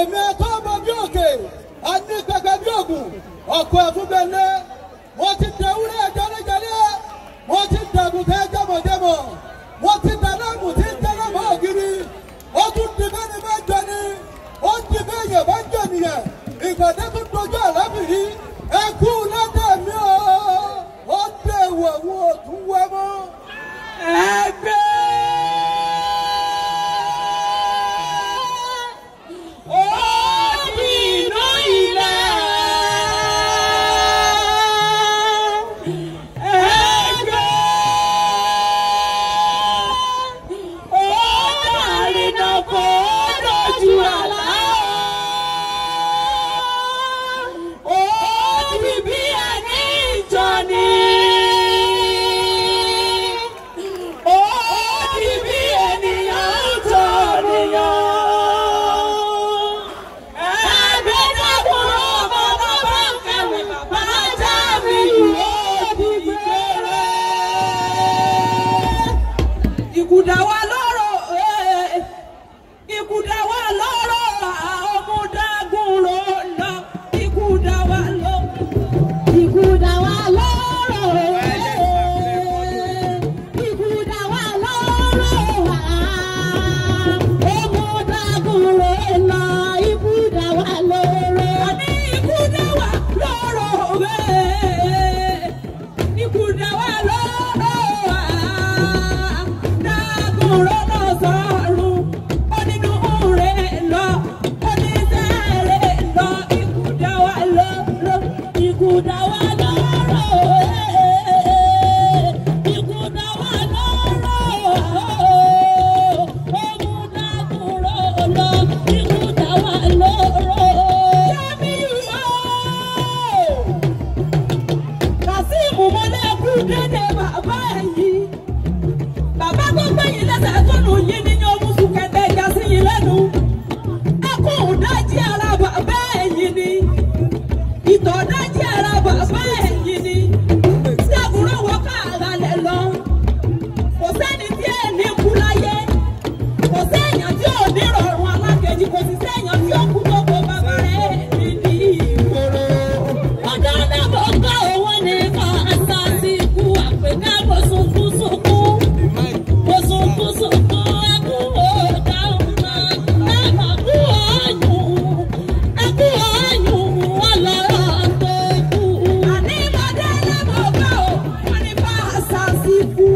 èmi ẹ̀tọ́ ọmọ bí òkè àní pẹpẹ bí ògùn ọ̀pọ̀ ẹ̀fúngbẹ̀lé mo ti dẹ ewúrẹ́ jẹlẹjẹlẹ mo ti dẹ̀gùn tẹ jẹmọ̀jẹmọ̀ mo ti dẹ̀lẹ́gùn tí ń tẹ́lẹ̀ mọ́ ògiri ó tún di bẹ́ni bá jọ ni ó di bẹ́yẹ̀ bá jọ nìyẹn ìgbàdé tó dojú àlábìrí ẹkú lọ́dẹ̀ mi ó ó dé ìwọ̀n òtún wẹ́mọ́. Budawa bàbá yìí bàbá gbogbo yìí lẹ́sẹ̀ tó nù yìí ní. Sifu.